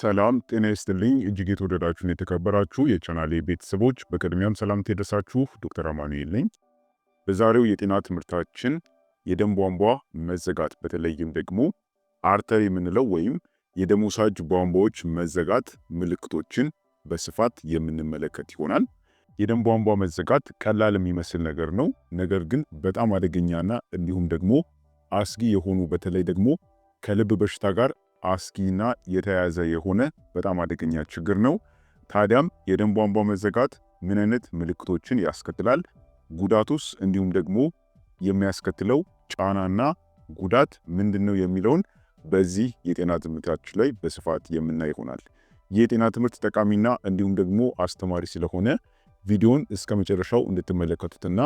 ሰላም ጤና ይስጥልኝ። እጅግ የተወደዳችሁን የተከበራችሁ የቻናሌ ቤተሰቦች በቅድሚያም ሰላምታ ይድረሳችሁ። ዶክተር አማኑኤል ነኝ። በዛሬው የጤና ትምህርታችን የደም ቧንቧ መዘጋት በተለይም ደግሞ አርተር የምንለው ወይም የደም ወሳጅ ቧንቧዎች መዘጋት ምልክቶችን በስፋት የምንመለከት ይሆናል። የደም ቧንቧ መዘጋት ቀላል የሚመስል ነገር ነው። ነገር ግን በጣም አደገኛና እንዲሁም ደግሞ አስጊ የሆኑ በተለይ ደግሞ ከልብ በሽታ ጋር አስጊና የተያያዘ የሆነ በጣም አደገኛ ችግር ነው። ታዲያም የደም ቧንቧ መዘጋት ምን አይነት ምልክቶችን ያስከትላል? ጉዳቱስ፣ እንዲሁም ደግሞ የሚያስከትለው ጫናና ጉዳት ምንድን ነው የሚለውን በዚህ የጤና ትምህርታችን ላይ በስፋት የምናይ ይሆናል። የጤና ትምህርት ጠቃሚና እንዲሁም ደግሞ አስተማሪ ስለሆነ ቪዲዮን እስከ መጨረሻው እንድትመለከቱትና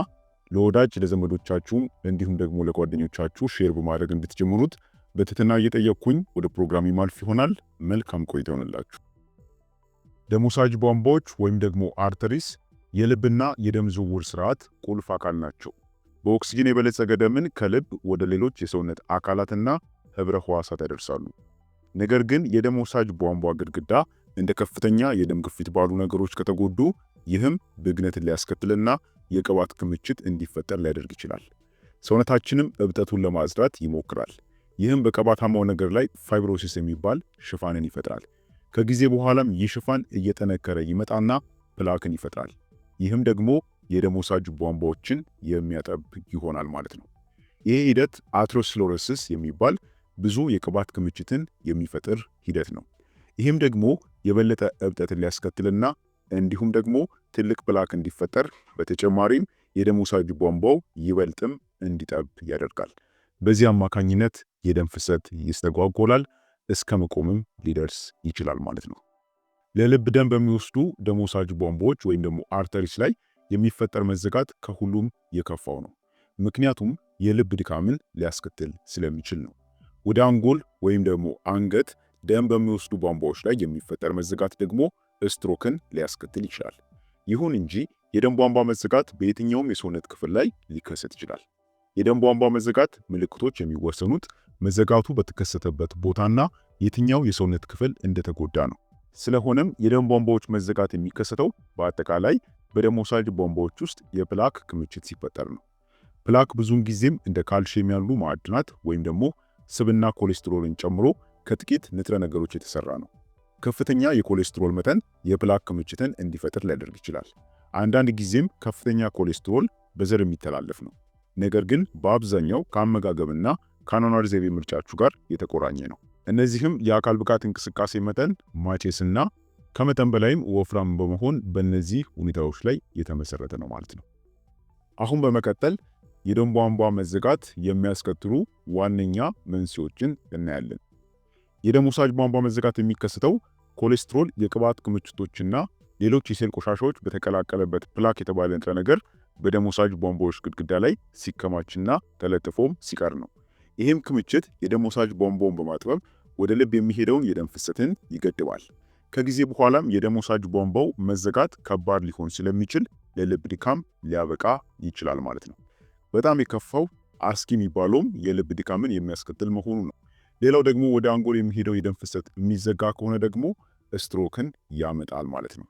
ለወዳጅ ለዘመዶቻችሁም እንዲሁም ደግሞ ለጓደኞቻችሁ ሼር በማድረግ እንድትጀምሩት በትህትና እየጠየቅኩኝ ወደ ፕሮግራም ማልፍ ይሆናል። መልካም ቆይታ ይሆንላችሁ። ደሞሳጅ ቧንቧዎች ወይም ደግሞ አርተሪስ የልብና የደም ዝውውር ስርዓት ቁልፍ አካል ናቸው። በኦክስጂን የበለጸገ ደምን ከልብ ወደ ሌሎች የሰውነት አካላትና ህብረ ህዋሳት ያደርሳሉ። ነገር ግን የደም ወሳጅ ቧንቧ ግድግዳ እንደ ከፍተኛ የደም ግፊት ባሉ ነገሮች ከተጎዱ ይህም ብግነትን ሊያስከትልና የቅባት ክምችት እንዲፈጠር ሊያደርግ ይችላል። ሰውነታችንም እብጠቱን ለማጽዳት ይሞክራል። ይህም በቀባታማው ነገር ላይ ፋይብሮሲስ የሚባል ሽፋንን ይፈጥራል። ከጊዜ በኋላም ይህ ሽፋን እየጠነከረ ይመጣና ፕላክን ይፈጥራል። ይህም ደግሞ የደም ወሳጅ ቧንቧዎችን የሚያጠብ ይሆናል ማለት ነው። ይህ ሂደት አትሮስሎረሲስ የሚባል ብዙ የቅባት ክምችትን የሚፈጥር ሂደት ነው። ይህም ደግሞ የበለጠ እብጠትን ሊያስከትልና እንዲሁም ደግሞ ትልቅ ፕላክ እንዲፈጠር በተጨማሪም የደም ወሳጅ ቧንቧው ይበልጥም እንዲጠብ ያደርጋል። በዚህ አማካኝነት የደም ፍሰት ይስተጓጎላል፣ እስከ መቆምም ሊደርስ ይችላል ማለት ነው። ለልብ ደም በሚወስዱ ደም ወሳጅ ቧንቧዎች ወይም ደግሞ አርተሪስ ላይ የሚፈጠር መዘጋት ከሁሉም የከፋው ነው። ምክንያቱም የልብ ድካምን ሊያስከትል ስለሚችል ነው። ወደ አንጎል ወይም ደግሞ አንገት ደም በሚወስዱ ቧንቧዎች ላይ የሚፈጠር መዘጋት ደግሞ ስትሮክን ሊያስከትል ይችላል። ይሁን እንጂ የደም ቧንቧ መዘጋት በየትኛውም የሰውነት ክፍል ላይ ሊከሰት ይችላል። የደም ቧንቧ መዘጋት ምልክቶች የሚወሰኑት መዘጋቱ በተከሰተበት ቦታና የትኛው የሰውነት ክፍል እንደተጎዳ ነው። ስለሆነም የደም ቧንቧዎች መዘጋት የሚከሰተው በአጠቃላይ በደም ወሳጅ ቧንቧዎች ውስጥ የፕላክ ክምችት ሲፈጠር ነው። ፕላክ ብዙውን ጊዜም እንደ ካልሽየም ያሉ ማዕድናት ወይም ደግሞ ስብና ኮሌስትሮልን ጨምሮ ከጥቂት ንጥረ ነገሮች የተሰራ ነው። ከፍተኛ የኮሌስትሮል መጠን የፕላክ ክምችትን እንዲፈጥር ሊያደርግ ይችላል። አንዳንድ ጊዜም ከፍተኛ ኮሌስትሮል በዘር የሚተላለፍ ነው። ነገር ግን በአብዛኛው ከአመጋገብና ከአኗኗር ዘይቤ ምርጫችሁ ጋር የተቆራኘ ነው። እነዚህም የአካል ብቃት እንቅስቃሴ መጠን ማቼስና ከመጠን በላይም ወፍራም በመሆን በእነዚህ ሁኔታዎች ላይ የተመሰረተ ነው ማለት ነው። አሁን በመቀጠል የደም ቧንቧ መዘጋት የሚያስከትሉ ዋነኛ መንስኤዎችን እናያለን። የደም ወሳጅ ቧንቧ መዘጋት የሚከሰተው ኮሌስትሮል፣ የቅባት ክምችቶችና ሌሎች የሴል ቆሻሻዎች በተቀላቀለበት ፕላክ የተባለ ንጥረ ነገር በደሞሳጅ ቧንቧዎች ግድግዳ ላይ ሲከማችና ተለጥፎም ሲቀር ነው። ይህም ክምችት የደሞሳጅ ቧንቧውን በማጥበብ ወደ ልብ የሚሄደውን የደም ፍሰትን ይገድባል። ከጊዜ በኋላም የደሞሳጅ ቧንቧው መዘጋት ከባድ ሊሆን ስለሚችል ለልብ ድካም ሊያበቃ ይችላል ማለት ነው። በጣም የከፋው አስጊ የሚባለውም የልብ ድካምን የሚያስከትል መሆኑ ነው። ሌላው ደግሞ ወደ አንጎል የሚሄደው የደም ፍሰት የሚዘጋ ከሆነ ደግሞ ስትሮክን ያመጣል ማለት ነው።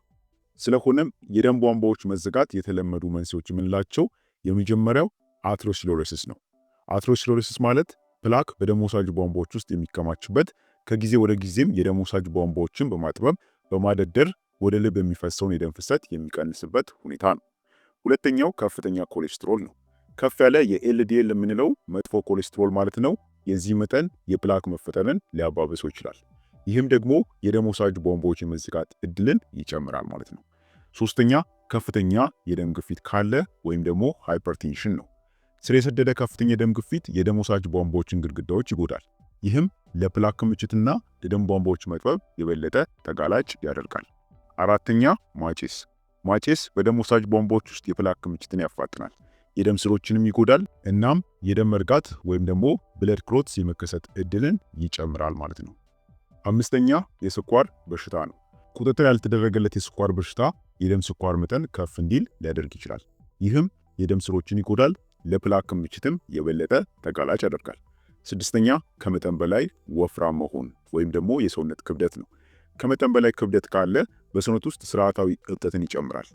ስለሆነም የደም ቧንቧዎች መዘጋት የተለመዱ መንስኤዎች የምንላቸው የመጀመሪያው አትሮስሎሬሲስ ነው። አትሮስሎሬሲስ ማለት ፕላክ በደም ወሳጅ ቧንቧዎች ውስጥ የሚከማችበት ከጊዜ ወደ ጊዜም የደም ወሳጅ ቧንቧዎችን በማጥበብ በማደደር ወደ ልብ የሚፈሰውን የደም ፍሰት የሚቀንስበት ሁኔታ ነው። ሁለተኛው ከፍተኛ ኮሌስትሮል ነው። ከፍ ያለ የኤልዲኤል የምንለው መጥፎ ኮሌስትሮል ማለት ነው። የዚህ መጠን የፕላክ መፈጠርን ሊያባብሰው ይችላል። ይህም ደግሞ የደም ወሳጅ ቧንቧዎች የመዘጋት እድልን ይጨምራል ማለት ነው። ሶስተኛ ከፍተኛ የደም ግፊት ካለ ወይም ደግሞ ሃይፐርቴንሽን ነው። ስር የሰደደ ከፍተኛ የደም ግፊት የደም ወሳጅ ቧንቧዎችን ግድግዳዎች ይጎዳል። ይህም ለፕላክ ክምችትና ለደም ቧንቧዎች መጥበብ የበለጠ ተጋላጭ ያደርጋል። አራተኛ ማጭስ። ማጭስ በደም ወሳጅ ቧንቧዎች ውስጥ የፕላክ ክምችትን ያፋጥናል፣ የደም ስሮችንም ይጎዳል። እናም የደም መርጋት ወይም ደግሞ ብለድ ክሎትስ የመከሰት እድልን ይጨምራል ማለት ነው። አምስተኛ የስኳር በሽታ ነው። ቁጥጥር ያልተደረገለት የስኳር በሽታ የደም ስኳር መጠን ከፍ እንዲል ሊያደርግ ይችላል። ይህም የደም ስሮችን ይጎዳል፣ ለፕላክ ክምችትም የበለጠ ተጋላጭ ያደርጋል። ስድስተኛ ከመጠን በላይ ወፍራም መሆን ወይም ደግሞ የሰውነት ክብደት ነው። ከመጠን በላይ ክብደት ካለ በሰውነት ውስጥ ስርዓታዊ እብጠትን ይጨምራል።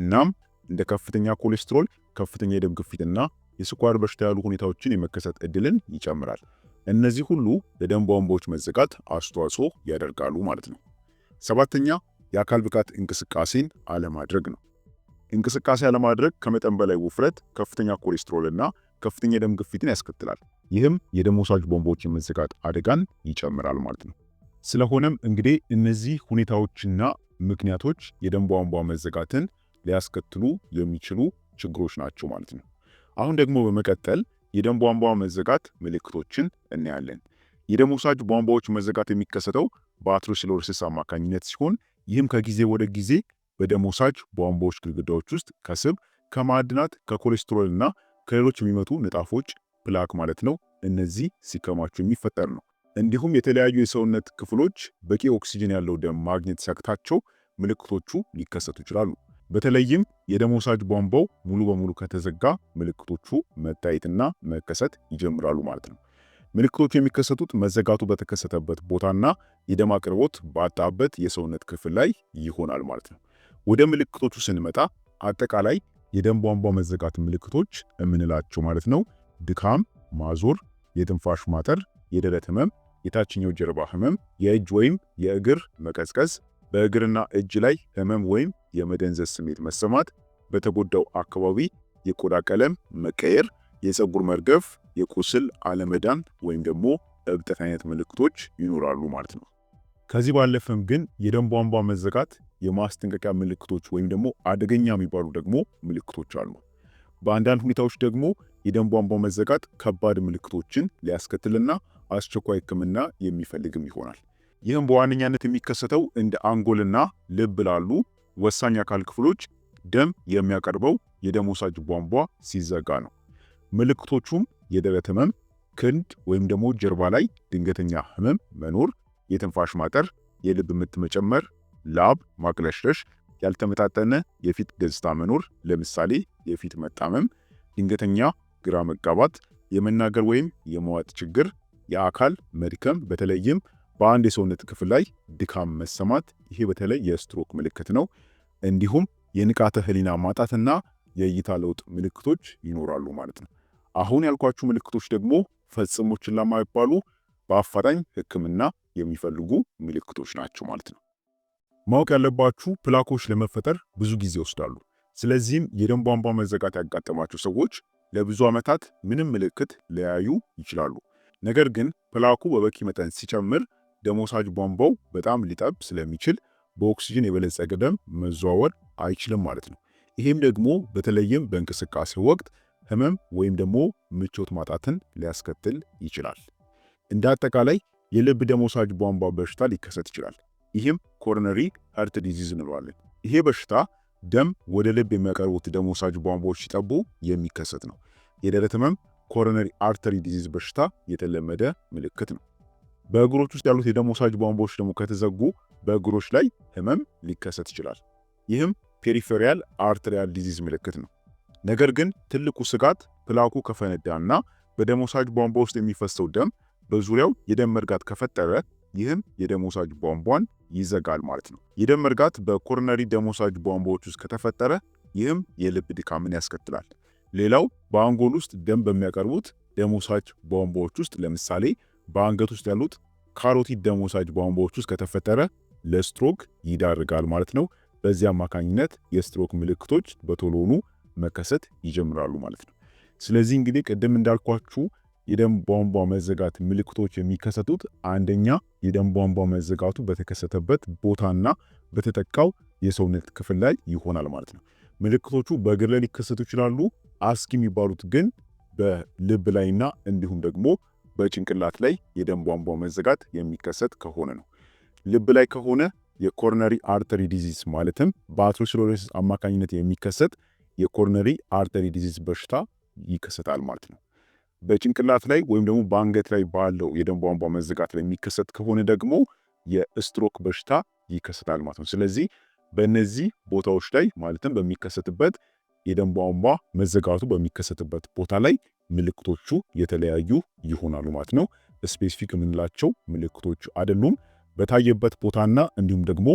እናም እንደ ከፍተኛ ኮሌስትሮል፣ ከፍተኛ የደም ግፊትና የስኳር በሽታ ያሉ ሁኔታዎችን የመከሰት እድልን ይጨምራል። እነዚህ ሁሉ ለደም ቧንቧዎች መዘጋት አስተዋጽኦ ያደርጋሉ ማለት ነው። ሰባተኛ የአካል ብቃት እንቅስቃሴን አለማድረግ ነው። እንቅስቃሴ አለማድረግ ከመጠን በላይ ውፍረት፣ ከፍተኛ ኮሌስትሮል እና ከፍተኛ የደም ግፊትን ያስከትላል። ይህም የደም ወሳጅ ቦምቦች የመዘጋት አደጋን ይጨምራል ማለት ነው። ስለሆነም እንግዲህ እነዚህ ሁኔታዎችና ምክንያቶች የደም ቧንቧ መዘጋትን ሊያስከትሉ የሚችሉ ችግሮች ናቸው ማለት ነው። አሁን ደግሞ በመቀጠል የደም ቧንቧ መዘጋት ምልክቶችን እናያለን። የደም ወሳጅ ቧንቧዎች መዘጋት የሚከሰተው በአትሮስክለሮሲስ አማካኝነት ሲሆን ይህም ከጊዜ ወደ ጊዜ በደም ወሳጅ ቧንቧዎች ግድግዳዎች ውስጥ ከስብ፣ ከማዕድናት፣ ከኮሌስትሮል እና ከሌሎች የሚመጡ ንጣፎች ፕላክ ማለት ነው እነዚህ ሲከማቹ የሚፈጠር ነው። እንዲሁም የተለያዩ የሰውነት ክፍሎች በቂ ኦክሲጅን ያለው ደም ማግኘት ሲያቅታቸው ምልክቶቹ ሊከሰቱ ይችላሉ። በተለይም የደም ወሳጅ ቧንቧው ሙሉ በሙሉ ከተዘጋ ምልክቶቹ መታየትና መከሰት ይጀምራሉ ማለት ነው። ምልክቶቹ የሚከሰቱት መዘጋቱ በተከሰተበት ቦታና የደም አቅርቦት ባጣበት የሰውነት ክፍል ላይ ይሆናል ማለት ነው። ወደ ምልክቶቹ ስንመጣ አጠቃላይ የደም ቧንቧ መዘጋት ምልክቶች የምንላቸው ማለት ነው ድካም፣ ማዞር፣ የትንፋሽ ማጠር፣ የደረት ህመም፣ የታችኛው ጀርባ ህመም፣ የእጅ ወይም የእግር መቀዝቀዝ፣ በእግርና እጅ ላይ ህመም ወይም የመደንዘዝ ስሜት መሰማት፣ በተጎዳው አካባቢ የቆዳ ቀለም መቀየር፣ የፀጉር መርገፍ፣ የቁስል አለመዳን ወይም ደግሞ እብጠት አይነት ምልክቶች ይኖራሉ ማለት ነው። ከዚህ ባለፈም ግን የደም ቧንቧ መዘጋት የማስጠንቀቂያ ምልክቶች ወይም ደግሞ አደገኛ የሚባሉ ደግሞ ምልክቶች አሉ። በአንዳንድ ሁኔታዎች ደግሞ የደም ቧንቧ መዘጋት ከባድ ምልክቶችን ሊያስከትልና አስቸኳይ ሕክምና የሚፈልግም ይሆናል። ይህም በዋነኛነት የሚከሰተው እንደ አንጎልና ልብ ላሉ ወሳኝ አካል ክፍሎች ደም የሚያቀርበው የደም ወሳጅ ቧንቧ ሲዘጋ ነው። ምልክቶቹም የደረት ህመም፣ ክንድ ወይም ደግሞ ጀርባ ላይ ድንገተኛ ህመም መኖር፣ የትንፋሽ ማጠር፣ የልብ ምት መጨመር፣ ላብ ማቅለሽለሽ፣ ያልተመጣጠነ የፊት ገጽታ መኖር፣ ለምሳሌ የፊት መጣመም፣ ድንገተኛ ግራ መጋባት፣ የመናገር ወይም የመዋጥ ችግር፣ የአካል መድከም፣ በተለይም በአንድ የሰውነት ክፍል ላይ ድካም መሰማት፣ ይሄ በተለይ የስትሮክ ምልክት ነው። እንዲሁም የንቃተ ህሊና ማጣትና የእይታ ለውጥ ምልክቶች ይኖራሉ ማለት ነው። አሁን ያልኳችሁ ምልክቶች ደግሞ ፈጽሞ ችላ የማይባሉ በአፋጣኝ ሕክምና የሚፈልጉ ምልክቶች ናቸው ማለት ነው። ማወቅ ያለባችሁ ፕላኮች ለመፈጠር ብዙ ጊዜ ይወስዳሉ። ስለዚህም የደም ቧንቧ መዘጋት ያጋጠማቸው ሰዎች ለብዙ ዓመታት ምንም ምልክት ሊያዩ ይችላሉ። ነገር ግን ፕላኩ በበቂ መጠን ሲጨምር ደም ወሳጅ ቧንቧው በጣም ሊጠብ ስለሚችል በኦክሲጅን የበለጸገ ደም መዘዋወር አይችልም ማለት ነው። ይህም ደግሞ በተለይም በእንቅስቃሴ ወቅት ህመም ወይም ደግሞ ምቾት ማጣትን ሊያስከትል ይችላል። እንደ አጠቃላይ የልብ ደም ወሳጅ ቧንቧ በሽታ ሊከሰት ይችላል። ይህም ኮሮነሪ ሀርት ዲዚዝ እንለዋለን። ይሄ በሽታ ደም ወደ ልብ የሚያቀርቡት ደም ወሳጅ ቧንቧዎች ሲጠቡ የሚከሰት ነው። የደረት ህመም ኮሮነሪ አርተሪ ዲዚዝ በሽታ የተለመደ ምልክት ነው። በእግሮች ውስጥ ያሉት የደም ወሳጅ ቧንቧዎች ደግሞ ከተዘጉ በእግሮች ላይ ህመም ሊከሰት ይችላል። ይህም ፔሪፌሪያል አርትሪያል ዲዚዝ ምልክት ነው። ነገር ግን ትልቁ ስጋት ፕላኩ ከፈነዳና በደም ወሳጅ ቧንቧ ውስጥ የሚፈሰው ደም በዙሪያው የደም መርጋት ከፈጠረ ይህም የደም ወሳጅ ቧንቧን ይዘጋል ማለት ነው። የደም መርጋት በኮሮነሪ ደም ወሳጅ ቧንቧዎች ውስጥ ከተፈጠረ ይህም የልብ ድካምን ያስከትላል። ሌላው በአንጎል ውስጥ ደም በሚያቀርቡት ደም ወሳጅ ቧንቧዎች ውስጥ ለምሳሌ በአንገት ውስጥ ያሉት ካሮቲድ ደም ወሳጅ ቧንቧዎች ውስጥ ከተፈጠረ ለስትሮክ ይዳርጋል ማለት ነው። በዚህ አማካኝነት የስትሮክ ምልክቶች በቶሎኑ መከሰት ይጀምራሉ ማለት ነው። ስለዚህ እንግዲህ ቅድም እንዳልኳችሁ የደም ቧንቧ መዘጋት ምልክቶች የሚከሰቱት አንደኛ የደም ቧንቧ መዘጋቱ በተከሰተበት ቦታና በተጠቃው የሰውነት ክፍል ላይ ይሆናል ማለት ነው። ምልክቶቹ በእግር ላይ ሊከሰቱ ይችላሉ። አስጊ የሚባሉት ግን በልብ ላይና እንዲሁም ደግሞ በጭንቅላት ላይ የደም ቧንቧ መዘጋት የሚከሰት ከሆነ ነው። ልብ ላይ ከሆነ የኮሮነሪ አርተሪ ዲዚዝ ማለትም በአተሮስክለሮሲስ አማካኝነት የሚከሰት የኮሮነሪ አርተሪ ዲዚዝ በሽታ ይከሰታል ማለት ነው። በጭንቅላት ላይ ወይም ደግሞ በአንገት ላይ ባለው የደም ቧንቧ መዘጋት ላይ የሚከሰት ከሆነ ደግሞ የስትሮክ በሽታ ይከሰታል ማለት ነው። ስለዚህ በእነዚህ ቦታዎች ላይ ማለትም በሚከሰትበት የደም ቧንቧ መዘጋቱ በሚከሰትበት ቦታ ላይ ምልክቶቹ የተለያዩ ይሆናሉ ማለት ነው። ስፔሲፊክ የምንላቸው ምልክቶቹ አይደሉም። በታየበት ቦታና እንዲሁም ደግሞ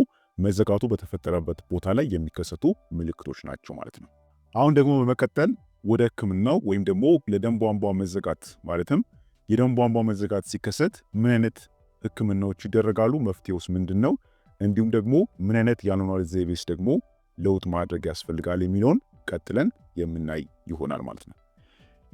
መዘጋቱ በተፈጠረበት ቦታ ላይ የሚከሰቱ ምልክቶች ናቸው ማለት ነው። አሁን ደግሞ በመቀጠል ወደ ህክምናው ወይም ደግሞ ለደም ቧንቧ መዘጋት ማለትም የደም ቧንቧ መዘጋት ሲከሰት ምን አይነት ህክምናዎች ይደረጋሉ? መፍትሄውስ ምንድን ነው? እንዲሁም ደግሞ ምን አይነት የአኗኗር ዘይቤስ ደግሞ ለውጥ ማድረግ ያስፈልጋል የሚለውን ቀጥለን የምናይ ይሆናል ማለት ነው።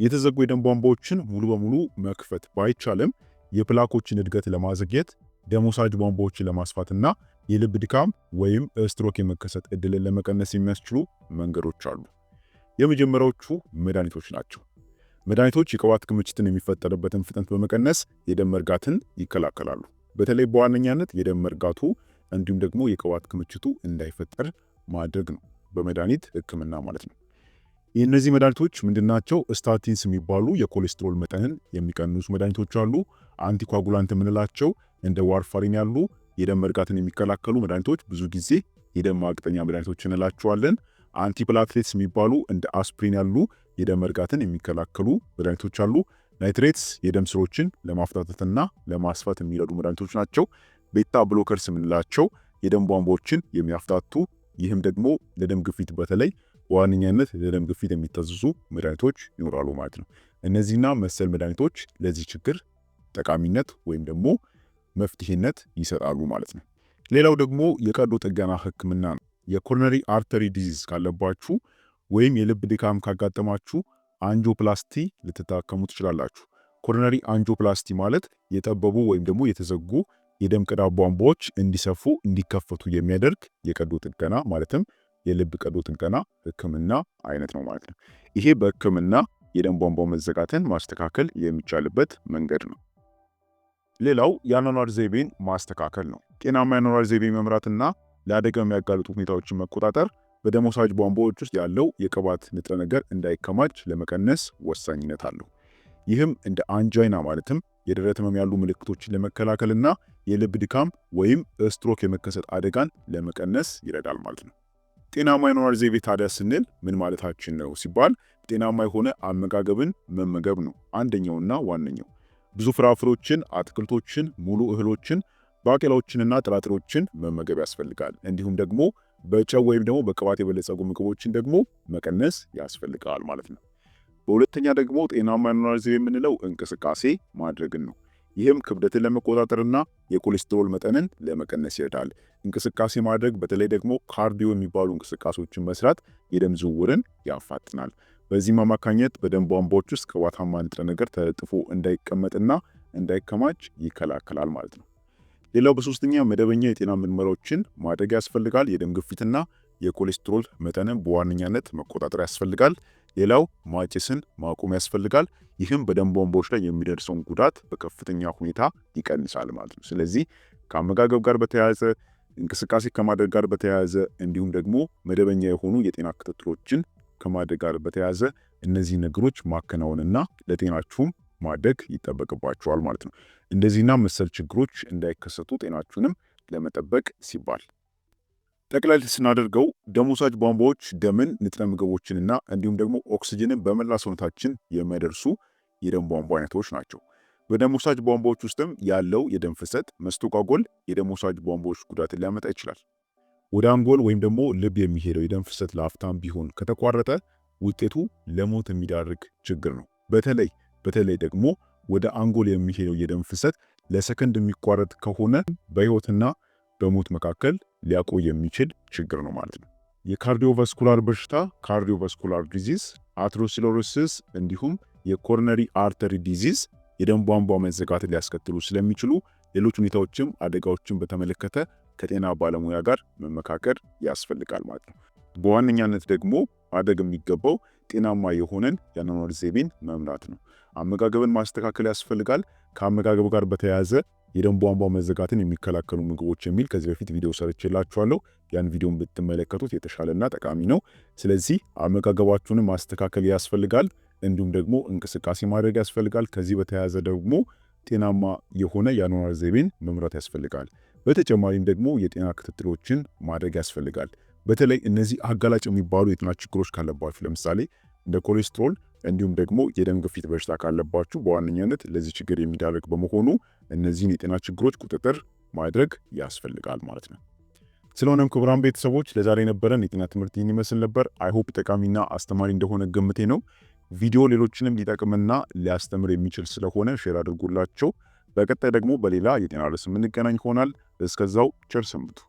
የተዘጉ የደም ቧንቧዎችን ሙሉ በሙሉ መክፈት ባይቻልም የፕላኮችን እድገት ለማዘግየት ደም ወሳጅ ቧንቧዎችን ለማስፋትና የልብ ድካም ወይም ስትሮክ የመከሰት እድልን ለመቀነስ የሚያስችሉ መንገዶች አሉ። የመጀመሪያዎቹ መድኃኒቶች ናቸው። መድኃኒቶች የቅባት ክምችትን የሚፈጠርበትን ፍጥነት በመቀነስ የደም መርጋትን ይከላከላሉ። በተለይ በዋነኛነት የደም መርጋቱ እንዲሁም ደግሞ የቅባት ክምችቱ እንዳይፈጠር ማድረግ ነው፣ በመድኃኒት ህክምና ማለት ነው። እነዚህ መድኃኒቶች ምንድናቸው? ስታቲንስ የሚባሉ የኮሌስትሮል መጠንን የሚቀንሱ መድኃኒቶች አሉ። አንቲኳጉላንት የምንላቸው እንደ ዋርፋሪን ያሉ የደም መርጋትን የሚከላከሉ መድኃኒቶች ብዙ ጊዜ የደም ማቅጠኛ መድኃኒቶች እንላቸዋለን። አንቲፕላትሌትስ የሚባሉ እንደ አስፕሪን ያሉ የደም መርጋትን የሚከላከሉ መድኃኒቶች አሉ። ናይትሬትስ የደም ስሮችን ለማፍታተትና ለማስፋት የሚረዱ መድኃኒቶች ናቸው። ቤታ ብሎከርስ የምንላቸው የደም ቧንቧዎችን የሚያፍታቱ ይህም ደግሞ ለደም ግፊት በተለይ በዋነኛነት ለደም ግፊት የሚታዘዙ መድኃኒቶች ይኖራሉ ማለት ነው። እነዚህና መሰል መድኃኒቶች ለዚህ ችግር ጠቃሚነት ወይም ደግሞ መፍትሄነት ይሰጣሉ ማለት ነው። ሌላው ደግሞ የቀዶ ጥገና ህክምና ነው። የኮሮነሪ አርተሪ ዲዚዝ ካለባችሁ ወይም የልብ ድካም ካጋጠማችሁ አንጆፕላስቲ ልትታከሙ ትችላላችሁ። ኮሮነሪ አንጆፕላስቲ ማለት የጠበቡ ወይም ደግሞ የተዘጉ የደም ቅዳ ቧንቧዎች እንዲሰፉ እንዲከፈቱ የሚያደርግ የቀዶ ጥገና ማለትም የልብ ቀዶ ጥገና ህክምና አይነት ነው ማለት ነው። ይሄ በህክምና የደም ቧንቧ መዘጋትን ማስተካከል የሚቻልበት መንገድ ነው። ሌላው የአኗኗር ዘይቤን ማስተካከል ነው። ጤናማ የአኗኗር ዘይቤ መምራትና ለአደጋ የሚያጋልጡ ሁኔታዎችን መቆጣጠር በደም ወሳጅ ቧንቧዎች ውስጥ ያለው የቅባት ንጥረ ነገር እንዳይከማች ለመቀነስ ወሳኝነት አለው። ይህም እንደ አንጃይና ማለትም የደረት ህመም ያሉ ምልክቶችን ለመከላከልና የልብ ድካም ወይም ስትሮክ የመከሰት አደጋን ለመቀነስ ይረዳል ማለት ነው። ጤናማ የአኗኗር ዘይቤ ታዲያ ስንል ምን ማለታችን ነው ሲባል ጤናማ የሆነ አመጋገብን መመገብ ነው አንደኛውና ዋነኛው። ብዙ ፍራፍሬዎችን፣ አትክልቶችን፣ ሙሉ እህሎችን ባቄላዎችንና ጥራጥሬዎችን መመገብ ያስፈልጋል። እንዲሁም ደግሞ በጨው ወይም ደግሞ በቅባት የበለጸጉ ምግቦችን ደግሞ መቀነስ ያስፈልጋል ማለት ነው። በሁለተኛ ደግሞ ጤናማ የአኗኗር ዘይቤ የምንለው እንቅስቃሴ ማድረግን ነው። ይህም ክብደትን ለመቆጣጠርና የኮሌስትሮል መጠንን ለመቀነስ ይረዳል። እንቅስቃሴ ማድረግ በተለይ ደግሞ ካርዲዮ የሚባሉ እንቅስቃሴዎችን መስራት የደም ዝውውርን ያፋጥናል። በዚህም አማካኝነት በደም ቧንቧዎች ውስጥ ቅባታማ ንጥረ ነገር ተለጥፎ እንዳይቀመጥና እንዳይከማች ይከላከላል ማለት ነው። ሌላው በሶስተኛ መደበኛ የጤና ምርመራዎችን ማድረግ ያስፈልጋል። የደም ግፊትና የኮሌስትሮል መጠንን በዋነኛነት መቆጣጠር ያስፈልጋል። ሌላው ማጭስን ማቆም ያስፈልጋል። ይህም በደም ቧንቧዎች ላይ የሚደርሰውን ጉዳት በከፍተኛ ሁኔታ ይቀንሳል ማለት ነው። ስለዚህ ከአመጋገብ ጋር በተያያዘ እንቅስቃሴ ከማድረግ ጋር በተያያዘ እንዲሁም ደግሞ መደበኛ የሆኑ የጤና ክትትሎችን ከማድረግ ጋር በተያያዘ እነዚህ ነገሮች ማከናወንና ለጤናችሁም ማድረግ ይጠበቅባቸዋል ማለት ነው። እንደዚህና መሰል ችግሮች እንዳይከሰቱ ጤናችሁንም ለመጠበቅ ሲባል ጠቅላይ ስናደርገው ደም ወሳጅ ቧንቧዎች ደምን፣ ንጥረ ምግቦችንና እንዲሁም ደግሞ ኦክስጅንን በመላ ሰውነታችን የሚያደርሱ የደም ቧንቧ አይነቶች ናቸው። በደም ወሳጅ ቧንቧዎች ውስጥም ያለው የደም ፍሰት መስተጓጎል የደም ወሳጅ ቧንቧዎች ጉዳትን ሊያመጣ ይችላል። ወደ አንጎል ወይም ደግሞ ልብ የሚሄደው የደም ፍሰት ለአፍታም ቢሆን ከተቋረጠ ውጤቱ ለሞት የሚዳርግ ችግር ነው። በተለይ በተለይ ደግሞ ወደ አንጎል የሚሄደው የደም ፍሰት ለሰከንድ የሚቋረጥ ከሆነ በህይወትና በሞት መካከል ሊያቆይ የሚችል ችግር ነው ማለት ነው። የካርዲዮቫስኩላር በሽታ ካርዲዮቫስኩላር ዲዚዝ፣ አትሮሲሎሮሲስ እንዲሁም የኮሮነሪ አርተሪ ዲዚዝ የደም ቧንቧ መዘጋት ሊያስከትሉ ስለሚችሉ ሌሎች ሁኔታዎችም አደጋዎችን በተመለከተ ከጤና ባለሙያ ጋር መመካከር ያስፈልጋል ማለት ነው። በዋነኛነት ደግሞ ማድረግ የሚገባው ጤናማ የሆነን የአኗኗር ዘይቤን መምራት ነው። አመጋገብን ማስተካከል ያስፈልጋል። ከአመጋገብ ጋር በተያያዘ የደም ቧንቧ መዘጋትን የሚከላከሉ ምግቦች የሚል ከዚህ በፊት ቪዲዮ ሰርችላችኋለሁ። ያን ቪዲዮን ብትመለከቱት የተሻለና ጠቃሚ ነው። ስለዚህ አመጋገባችሁንም ማስተካከል ያስፈልጋል። እንዲሁም ደግሞ እንቅስቃሴ ማድረግ ያስፈልጋል። ከዚህ በተያያዘ ደግሞ ጤናማ የሆነ የአኗኗር ዘይቤን መምራት ያስፈልጋል። በተጨማሪም ደግሞ የጤና ክትትሎችን ማድረግ ያስፈልጋል። በተለይ እነዚህ አጋላጭ የሚባሉ የጤና ችግሮች ካለባችሁ ለምሳሌ እንደ ኮሌስትሮል እንዲሁም ደግሞ የደም ግፊት በሽታ ካለባችሁ በዋነኛነት ለዚህ ችግር የሚዳረግ በመሆኑ እነዚህን የጤና ችግሮች ቁጥጥር ማድረግ ያስፈልጋል ማለት ነው። ስለሆነም ክቡራን ቤተሰቦች ለዛሬ የነበረን የጤና ትምህርት ይህን ይመስል ነበር። አይሆፕ ጠቃሚና አስተማሪ እንደሆነ ግምቴ ነው። ቪዲዮ ሌሎችንም ሊጠቅምና ሊያስተምር የሚችል ስለሆነ ሼር አድርጉላቸው። በቀጣይ ደግሞ በሌላ የጤና ርዕስ የምንገናኝ ይሆናል። እስከዛው ቸር ሰንብቱ።